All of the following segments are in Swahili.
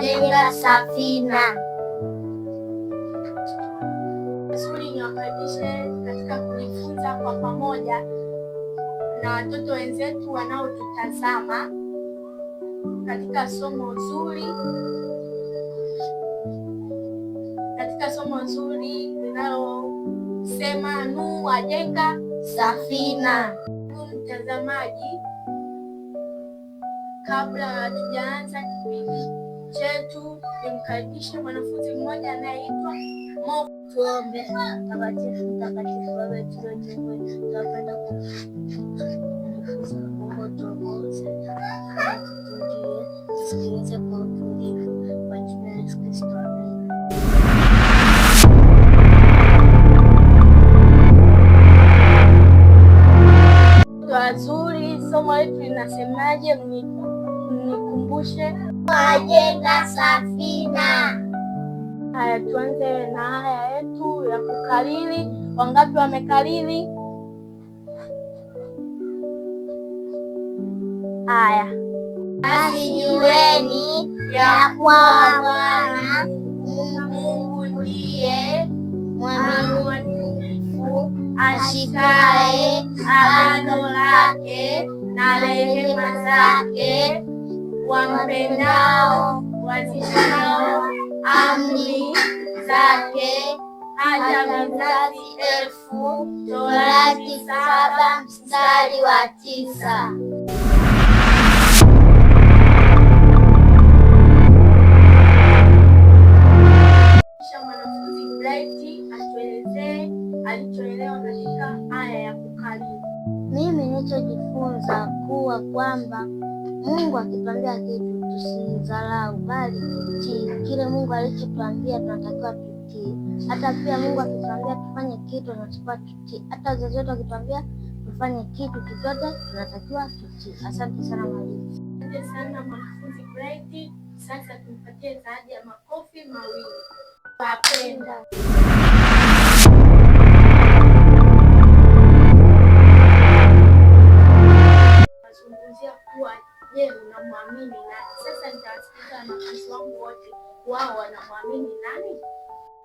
tunajenga safina. Vizuri, niwakaribishe katika kujifunza kwa pamoja na watoto wenzetu wanaotutazama katika somo zuri katika somo zuri linalosema Nuhu ajenga safina. Mtazamaji, kabla hatujaanza kipindi chetu imkaribishe mwanafunzi mmoja anayeitwa Mo. Tuombe. Mtakatifu, mtakatifu wewe tuliotubu, tunapenda kukutukuza, Mungu mmoja, tutujie, tusikilize kwa mnikumbushe wajenga safina. Haya, tuanze na haya yetu ya kukariri. Wangapi wamekariri? Haya, basi jueni ya kwa Bwana Mungu ndiye mwaminifu, ashikaye agano lake na rehema zake wampendao, waziishao amri zake, hata vizazi elfu. Torati saba mstari wa tisa. Mungu akituambia kitu tusimdharau, bali tutii kile Mungu alichotuambia, tunatakiwa tutii. Hata pia Mungu akituambia tufanye kitu, tunatakiwa tutii. Hata wazazi wetu wakituambia tufanye kitu chochote, tunatakiwa tutii. Asante sana mwalimu. Asante sana mwanafunzi Bright. Sasa tumpatie zawadi ya makofi mawili. Wapenda. je, unamwamini nani? Sasa nitawasikiza wanafunzi wangu wote, wao wanamwamini nani?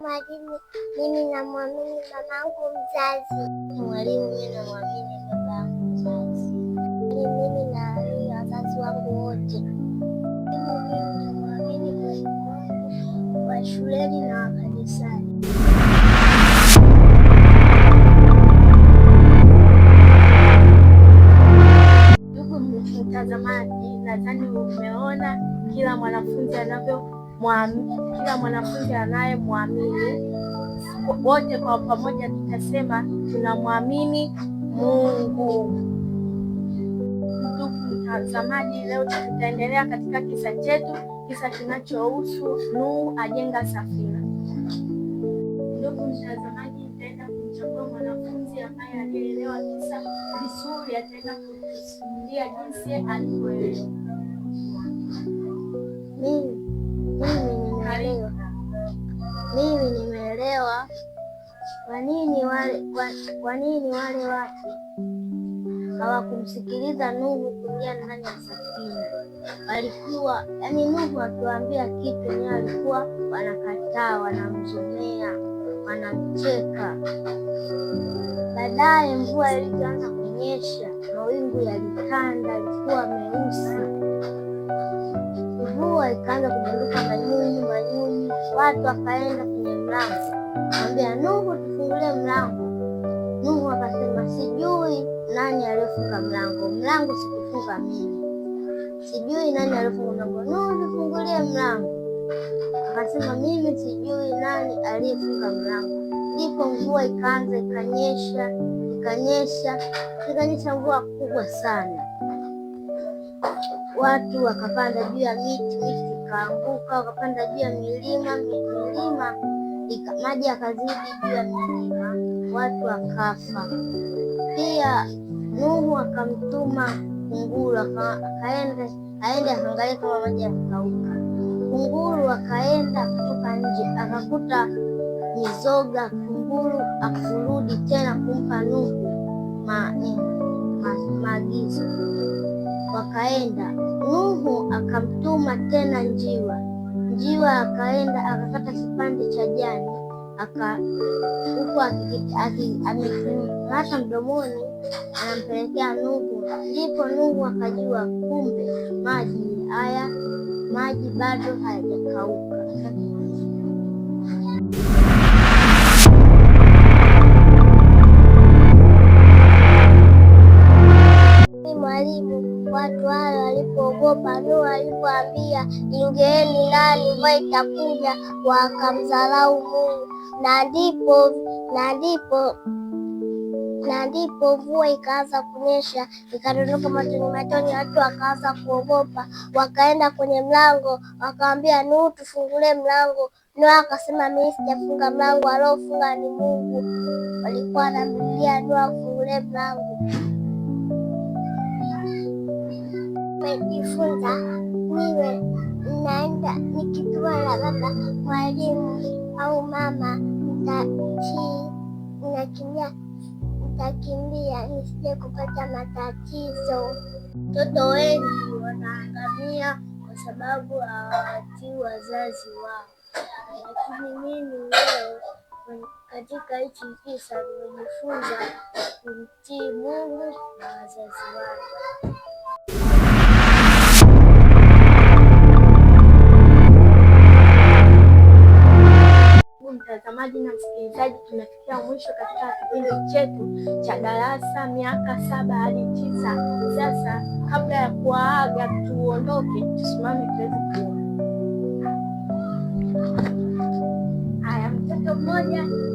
Mwalimu. Mimi namwamini mamangu mzazi. Mwalimu yeye namwamini maji, nadhani umeona kila mwanafunzi anavyomwamini, kila mwanafunzi anayemwamini. Wote kwa pamoja tutasema tunamwamini Mungu. Ndugu mtazamaji, leo tutaendelea katika kisa chetu, kisa kinachohusu Nuhu ajenga safina. Ndugu mtazamaji, nitaenda kumchagua mwanafunzi ambaye alielewa kisa mazuri ataenda kusimulia jinsi alivyoelewa. Mimi nimeelewa kwa nini wale kwa nini wale watu hawakumsikiliza Nuhu kuingia ndani ya safina. Walikuwa yani Nuhu akiwaambia kitu ni alikuwa wanakataa, wanamzomea, wanamcheka. Baadaye mvua ilianza kunyesha, mawingu yalitanda, yalikuwa meusi. Mvua ikaanza kudondoka manyunyu manyunyu. Watu wakaenda kwenye mlango, wambia Nuhu, tufungulie mlango. Nuhu akasema, sijui nani aliyofunga mlango, mlango sikufunga mimi, sijui nani aliyofunga mlango. Nuhu, tufungulie mlango. Akasema, mimi sijui nani aliyefunga mlango. Ndipo mvua ikaanza ikanyesha ikanyesha, ikanyesha mvua kubwa sana, watu wakapanda juu ya miti, miti ikaanguka, wakapanda juu ya milima, milima maji yakazidi juu ya milima, watu wakafa. Pia Nuhu akamtuma kunguru akaenda aende akaangalia kama maji yakauka. Kunguru akaenda kutoka nje akakuta mizoga Huru akurudi tena kumpa Nuhu maagizo. Wakaenda, Nuhu akamtuma tena njiwa. Njiwa akaenda akakata kipande cha jani huku hata mdomoni anampelekea Nuhu. Ndipo Nuhu akajua kumbe maji haya maji bado hayajakauka. sababu watu wale walipoogopa Nuhu alipoambia ingeeni nani, mvua itakuja, wakamdharau Mungu, na ndipo na ndipo na ndipo mvua ikaanza kunyesha, ikadondoka matoni matoni. Watu wakaanza kuogopa, wakaenda kwenye mlango, wakaambia Nuhu, tufungulie mlango. Nuhu akasema mimi sijafunga mlango, aliofunga ni Mungu. Walikuwa wanamlilia Nuhu afungulie mlango. nimejifunza niwe naenda nikitua la baba mwalimu au mama, nitaki nakimbia, nitakimbia nisije kupata matatizo. Watoto wengi wanaangamia kwa sababu hawawatii wazazi wao, lakini mimi leo katika hichi kisa nimejifunza kumtii Mungu na wazazi wangu. na msikilizaji, tumefikia mwisho katika kipindi chetu cha darasa miaka saba hadi tisa. Sasa kabla ya kuwaaga, tuondoke, tusimame tuweze kuona haya. Mtoto mmoja